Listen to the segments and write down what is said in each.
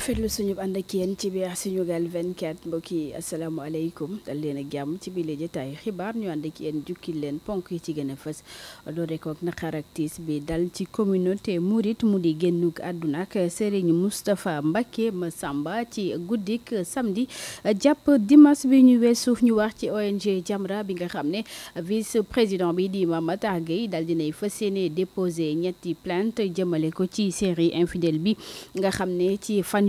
rafetlu suñu ànd ak yéen ci biir Sunugal 24 mbokk yi asalaamaaleykum dal leen ak jàmm ci biir jotaayu xibaar ñu ànd ak yéen jukki leen ponk yi ci gën a fës doore ko ak naqar ak tiis bi dal ci communauté Mouride mu di génnug àdduna ak Serigne Moustapha ma Massamba ci guddik samedi jàpp dimas bi ñu suuf ñu wax ci ONG Jamra bi nga xam ne vice président bi di ma Matar Gueye dal dinay fas yéene déposé ñetti plainte jëmale ko ci série infidèle bi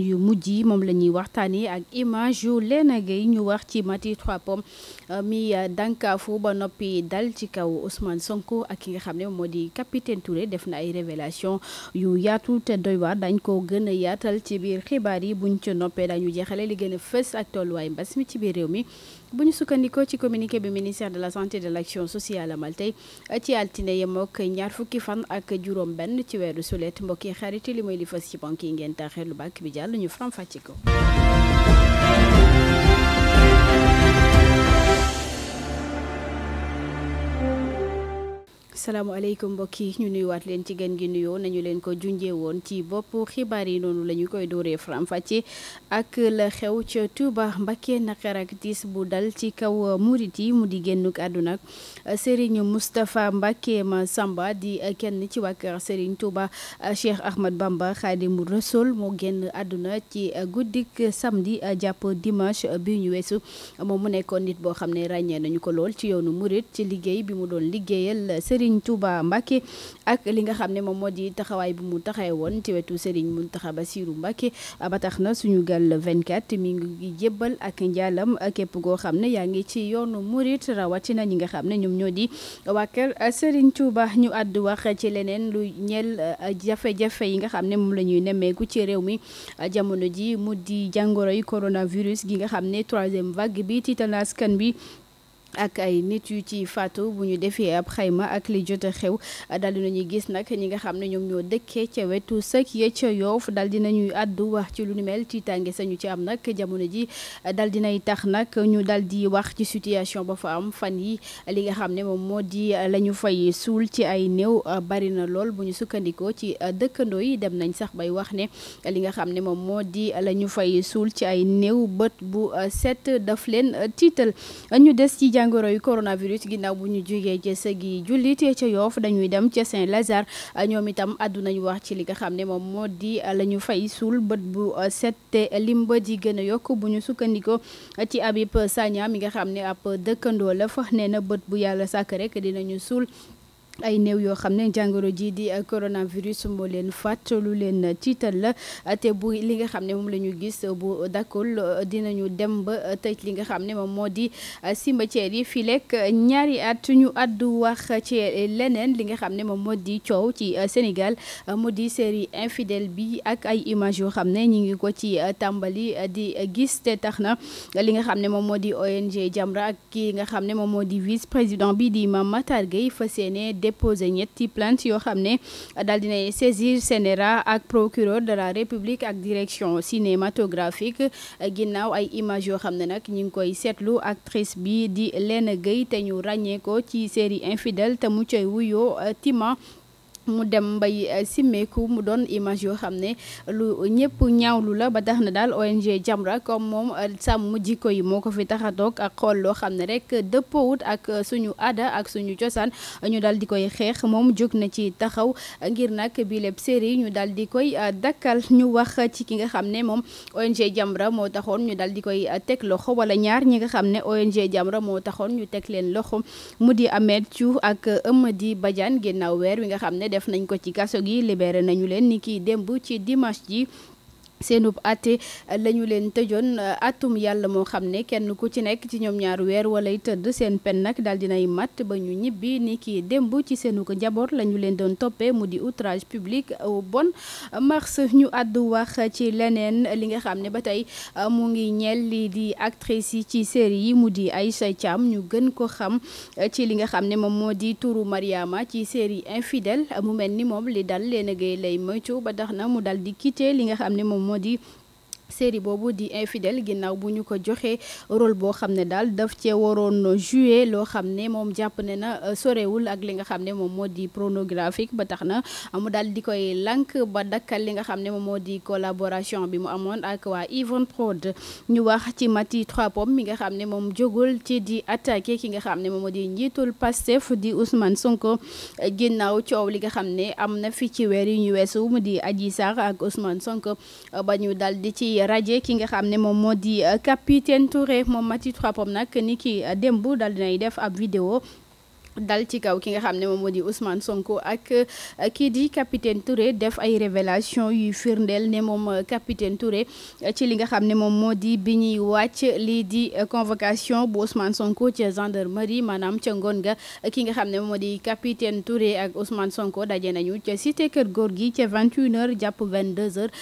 yu mujj yi moom la ñuy waxtaanee ak image yu Léna Gueye ñu wax ci Mati Trois Pommes euh, mi euh, dànkaafu ba noppi dal ci kaw Ousmane Sonko ak ki nga xam ne moo di capitaine Touré def na ay révélation yu yaatu te doy dañ ko gën a yaatal ci biir xibaar yi buñ ca noppee dañu jeexale li gën fës ak tolluwaay mbas mi ci biir réew mi bu ñu sukkandikoo ci communiqué bi ministère de la santé de l' action sociale amal tey euh, ci altine yem ak ñaar fukki fan ak juróom benn ci weeru sulet mbokki xarit li mooy li fas ci banque yi ngeen lu bàkk bi jàll ñu faram ko salaamaaleykum mbokk yi ñu nuyuwaat leen ci gën gi nuyoo nañu leen ko junjee woon ci bopp xibaar yi noonu la ñu koy dooree faram ak la xew ca Touba Mbacké naqar ak bu dal ci kaw murit yi mu di génnuk àdduna Serigne Moustapha Mbacké Massamba di kenn ci waa kër Serigne Touba Cheikh Ahmad Bamba Khadimu Rasoul moo génn àdduna ci guddik samedi jàpp dimanche bi ñu weesu moom mu nekkoon nit boo xam ne ràññee nañu ko lool ci yoonu murit ci liggéey bi mu doon liggéeyal Serigne Serigne Touba ak li nga xam ne moom moo di taxawaay bu mu taxawee woon ci wetu sëriñ Serigne Mountakha Bassirou Mbacke ba tax na suñu gal 24 mi ngi jébbal ak njaalam képp goo xam ne yaa ngi ci yoonu murit rawatina ñi nga xam ne ñoom ñoo di waa kër Serigne Touba ñu àddu wax ci leneen lu ñeel jafe-jafe yi nga xam ne moom lañuy nemmeeku ci réew mi jamono ji mu di jàngoro yi coronavirus gi nga xam ne troisième vague bi tiital na bi ak ay nit yu ci faatu bu ñu defee ab xayma ak li jot a xew daal dinañuy gis nag ñi nga xam ne ñoom ñoo dëkkee ca wetu sëkk ya ca yoof daal dinañuy àddu wax ci lu nu mel tiitaange sañu ci am nag jamono ji daal nay tax nag ñu daal di wax ci situation ba fa am fan yi li nga xam ne moom moo di la ñu fay suul ci ay néew bari na lool bu ñu sukkandikoo ci dëkkandoo yi dem nañ sax bay wax ne li nga xam ne moom moo di la ñu fay suul ci ay néew bët bu set daf leen tiital ñu des ci jàngoro yu coronavirus ginnaaw bu ñu jógee ci sëgi jullit ca yoof dañuy dem ca Saint-Lazare ñoom itam àdduna nañu wax ci li nga xam ne moom moo di la ñu fay suul bët bu set te lim ba di gën a yokk bu ñu sukkandikoo ci Habib Sagna yi nga xam ne ab dëkkandoo la fa nee na bët bu yàlla sàkk rek dinañu suul. ay néew yoo xam ne jàngoro ji di coronavirus moo leen fàtt lu leen tiital la te bu li nga xam ne moom la ñu gis bu dakul dinañu dem ba tëj li nga xam ne moom moo di cimetière yi fii lekk ñaari at ñu àddu wax ci leneen li nga xam ne moom moo di coow ci Sénégal mu di série infidèle bi ak ay image yoo xam ne ñu ngi ko ci tàmbali di gis te tax na li nga xam ne moom moo di ONG Jamra ak ki nga xam ne moom moo di vice président bi di Mame Matar Gueye fas yéene déposé ñetti plainte yoo xam ne daal dinay saisir CNRA ak procureur de la république ak direction cinématographique ginnaaw ay images yoo xam ne nag ñu ngi koy seetlu actrice bi di Lena Gueye te ñu ràññee ci série infidèle te mu coy wuyoo Tima mu dem mbay eh, simmeeku mu doon image yoo xam ne lu ñëpp ñaawlu la ba tax na daal ONG Jamra comme moom eh, sàmm jikko yi moo ko fi tax a toog ak xool loo xam ne rek dëppoowut ak eh, suñu aada ak suñu cosaan ñu daal di koy xeex moom jóg na ci taxaw ngir nag bi lépp série ñu daal di koy dakkal ñu wax ci ki nga xam ne moom ONG Jamra moo taxoon ñu dal di koy teg loxo wala ñaar ñi nga xam ne ONG Jamra moo taxoon ñu teg leen loxo mu di Ahmed Thiou ak Amady Badiane ginnaaw def nañ ko ci kaso gi libéré nañu leen ni ki démb ci dimanche ji seenub àtte eh, la ñu leen tëjoon eh, atum yàlla moo xam ne kenn ku ci nekk ci ñoom ñaar weer walay tëdd seen pen nag daal dinay mat ba ñu ñibbi ni ki démb ci seenu ko njaboot la ñu leen doon toppee mu di outrage public au bon mars ñu àddu wax ci leneen li nga xam ne ba tey eh, mu ngi ñeel li di actrice yi ci série yi mu di Aïcha Thiam ñu gën ko xam ci li nga xam ne moom moo di turu Mariama ci série infidèle mu mel ni moom li dal leen a lay moytu ba tax na moo di série boobu di infidèle ginnaaw bu ñu ko joxee role boo xam ne daal daf cee waroon no jouer loo xam ne moom jàpp ne na euh, sorewul ak li nga xam ne moom moo di pornographique ba tax na mu daal di koy lànk ba dakkal li nga xam ne moom moo di collaboration bi mu amoon ak waa Yvonne Prod ñu wax ci mati Trois Pommes mi nga xam ne moom jógul ci di attaqué ki nga xam ne moom moo di njiitul Pastef di Ousmane Sonko ginnaaw coow li nga xam ne am na fi ci weer yu ñu weesu mu di Adji ak Ousmane Sonko euh, ba ñu di ci radié ki nga xam ne moom moo di euh, capitaine Touré moom Mati Trois Pommes nag ni ki euh, démb dal dinay def ab vidéo dal ci kaw ki nga xam ne moom moo di Ousmane Sonko ak euh, kii di capitaine Touré def ay révélation yuy firndeel ne moom euh, capitaine Touré euh, ci li nga xam ne moom moo di bi ñuy wàcc lii di convocation bu Ousmane Sonko ca maanaam ca ngoon ga ki nga xam ne moo di capitaine Touré ak usman Sonko daje nañu ca cité kër góor gi ca 21h jàpp 22h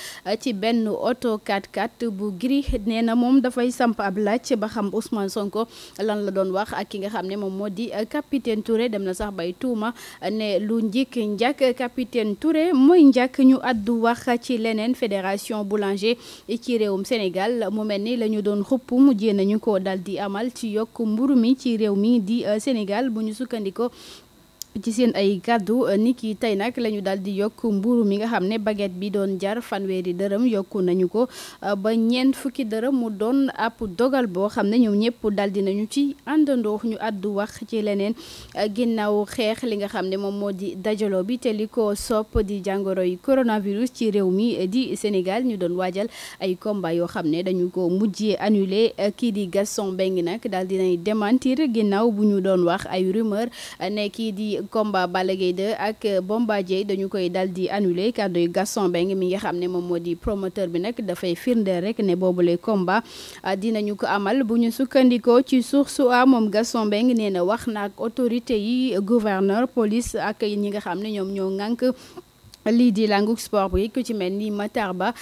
ci benn oto 4x4 bu gris nee na moom dafay samp ab laaj ba xam Ousmane Sonko lan la doon wax ak ki nga xam ne moom moo di capitaine. capitaine dem na sax bay tuuma ne lu njikk njàkk capitaine Touré mooy njàkk ñu addu wax ci leneen fédération boulanger ci réewum Sénégal mu mel ni la doon xupp mujje nañu ko dal di amal ci yokk mburu mi ci réew mi di euh, Sénégal bu ñu sukkandikoo ci seen ay kàddu eh, ni ki tey nag la daal di yokk mburu mi nga xam ne baguette bi doon jar fanweeri dërëm yokku nañu ko eh, ba ñeent fukki dërëm mu doon ab dogal boo xam ne ñoom ñëpp daal di nañu ci àndandoo ñu àddu wax ci leneen eh, ginnaaw xeex li nga xam ne moom moo di dajaloo bi te li ko sopp di jàngoro yi coronavirus ci réew mi di Sénégal ñu doon waajal ay combat yoo xam ne dañu ko mujjee annulé kii di Gaston Mbengue nag daal di nay démentir ginnaaw bu ñu doon wax ay combat Balla Gaye 2 ak Bombardier dañu koy dal di annulé kàddu yu Gaston Mbengue mi nga xam ne moom moo di promoteur bi nag dafay firndeel rek ne boobule combat ah, dinañu ko amal bu ñu sukkandikoo ci su a moom Gaston Mbengue nee na wax na ak autorité yi gouverneur police ak yi nga xam ne ñoom ñoo ŋànk lii di langug sport bi ku ci mel ni Matar Ba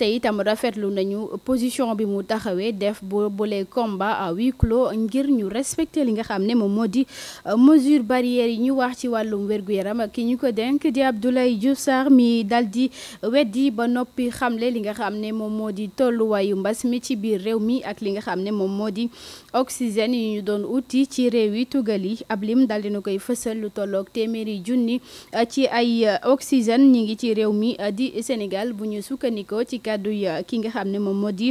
tey itam rafetlu nañu position bi mu taxawee def bu boole combat à huis clos ngir ñu respecter li nga xam ne moom moo di euh, mesure barrière yi ñu wax ci wàllum wér yaram ak ki ñu ko dénk di Abdoulaye Diouf Sarr mi daldi di weddi ba noppi xamle li nga xam ne moom moo di tolluwaayu mbas mi ci biir réew mi ak li nga xam ne moom moo di oxygène yi ñu doon uti ci réew yi tugal yi ab lim dal na koy fësal lu tolloog téeméeri junni euh, ci ay euh, oxygène ñu ngi ci réew mi di Sénégal bu ñu sukkandikoo ci kàddu yi ki nga xam ne moom moo di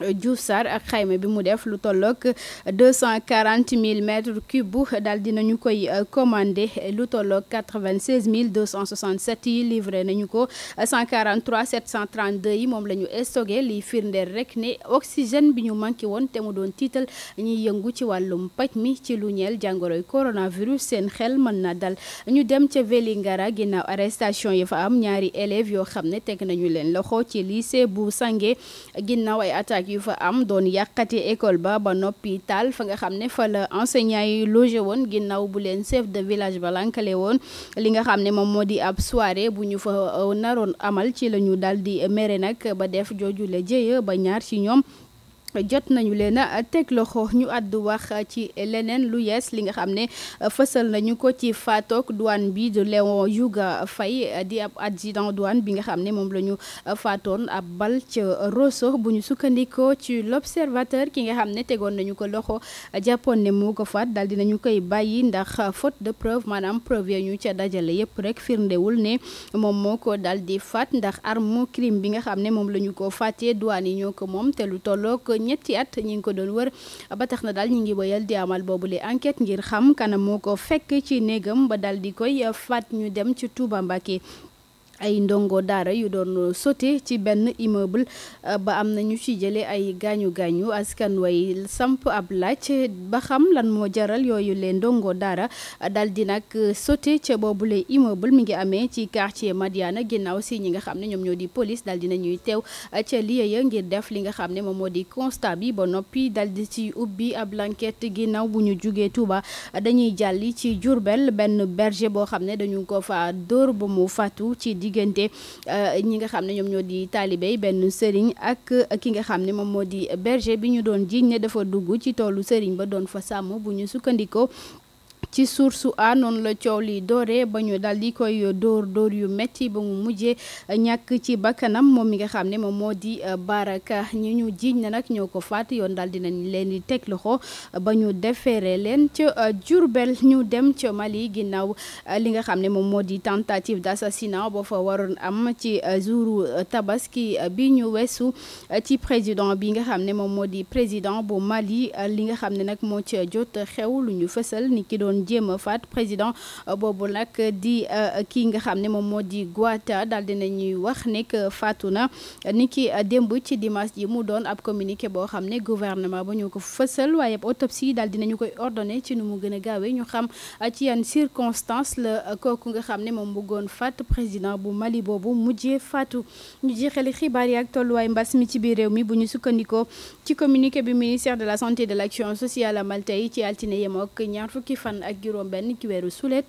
Diouf Sarr ak xayma bi mu def lu tolloog deux cent quarante mille mètres cubes daal dinañu koy euh, commandé lu tolloog quatre mille deux cent soixante sept yi livré nañu ko cent quarante trois sept cent trente yi moom la ñu stocké liy firndeel rek ne oxygène bi ñu manqué woon te mu doon tiital ñuy yëngu ci wàllum paj mi ci lu ñeel jàngoroy coronavirus seen xel mën na dal ñu dem ca Vélingara ginnaaw arrestation yi fa am ñaari élèves yoo xam ne teg nañu leen loxo ci lycée bu sange ginnaaw ay attaques. sabotage yu fa am doon yàqati école ba ba noppi taal fa nga xam ne fa la enseignant yi logé woon ginnaaw bu leen chef de village ba lankale woon li nga xam ne moom moo di ab soirée bu ñu fa euh, naroon amal ci la ñu daal di mere nag ba def jooju joojule jëye ba ñaar ci ñoom jot nañu leen a teg loxo ñu àddu wax ci leneen lu yees li nga xam ne euh, fësal nañu ko ci faatoog douane bi de Léon Youga Faye euh, di ab adjudant douane bi nga xam ne moom lañu euh, faatoon ab bal ca Rosso bu ñu sukkandikoo ci l'observateur ki nga xam ne tegoon nañu ko loxo jàppoon ne moo ko faat daal nañu koy bàyyi ndax faute de preuve maanaam preuve ya ñu ca dajale yépp rek firndewul ne moom moo ko dal di faat ndax arme crime bi nga xam ne moom la ñu ko faatee douane yi ñetti at ñu ngi ko doon wër ba tax na daal ñu ngi wéyal di amal boobule enquête ngir xam kanam moo ko fekk ci néegam ba daal di koy faat ñu dem ci Touba ay ndongo daara yu doon sauté ci benn immeuble euh, ba am na ñu ci jëlee ay gaañu gaañu askan way samp ab laaj ba xam lan moo jaral yooyu leen ndongo daara daal di nag sauté ca boobule immeuble mi ngi amee ci quartier Madiana ginnaaw si ñi nga xam ne ñoom ñoo di police daal di nañuy teew ca lieu ya ngir def li nga xam ne moom moo di constat bi ba noppi daal di ci ubbi ab enquête ginnaaw bu ñu jugee Touba dañuy jàll ci Diourbel benn berger boo xam ne dañu ko fa diggante euh, ñi nga xam ne ñoom ñoo di taalibey benn sëriñ ak ki nga xam ne moom moo di berger bi ñu doon jiiñ ne dafa dugg ci toolu sëriñ ba doon fa sàmm bu ñu sukkandikoo ci source a noonu la coow li doore ba ñu daal di koy door dóor yu métti ba mu mujjee ñàkk ci bakkanam moom mi nga xam ne moom moo di baraka ñi ñu jiiñ na nag ñoo ko faat yoon daal dinañ leen di teg loxo ba ñu defeere leen ca Jurbel euh, ñu dem ca Mali ginnaaw euh, li nga xam ne moom moo di tentative d'assassinat boo fa waroon am ci euh, jouru tabaski bi ñu weesu ci président bi nga xam ne moom moo di président bu Mali li nga xam ne nag moo ca jot xew lu ñu fësal ni ki doon doon faat président euh, boobu nag di euh, kii nga xam ne moom moo di Guatta dal dina ñuy wax ne faatu na ni ki euh, démb ci dimanche ji mu doon ab communiqué boo xam ne gouvernement ba ñu ko fësal waaye autopsie daal dinañu koy ordonné ci nu mu gën a gaawee ñu xam ci yan circonstance la kooku nga xam ne moom bëggoon faat président bu Mali boobu mujjee faatu ñu jeexale xibaar yi ak tolluwaay mbas mi ci biir réew mi bu ñu sukkandikoo ci communiqué bi ministère de la santé de l'action sociale amal tey ci altine ak juróom benn ci weeru sulet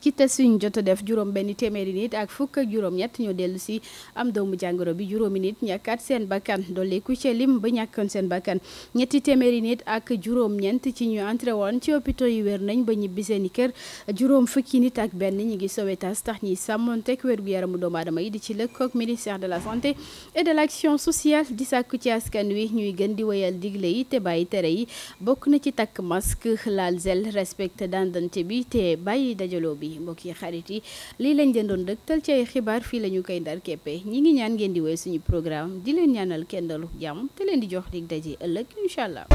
ci test yi jot a def juróom benn téeméeri nit ak fukk ak juróom-ñett ñoo dellu si am doomu jàngoro bi juróomi nit ñàkkaat seen bakkan dolliku ci lim ba ñàkkoon seen bakkan ñetti téeméeri nit ak juróom-ñeent ci ñu entré woon ci hôpitaux yi wér nañ ba ñibbi seen i kër juróom fukki nit ak benn ñi ngi Sowétas tax ñiy sàmmonteeg wér gu yaramu doomu dama yi di ci lëkkook ministère de la santé et de l' action sociale di sàkku ci askan wi ñuy gën di wéyal digle yi te bàyyi tere yi bokk na ci takk masque laal zel respecté dandante bi te bàyyi dajaloo bi mbokk yi xarit yi lii lañ leen doon dëgtal ci ay xibaar fii la ñu koy ndar keppe ñi ngi ñaan ngeen di woy suñu programme di leen ñaanal kenn kendalu jàmm te leen di jox dig daje ëllëg incha allah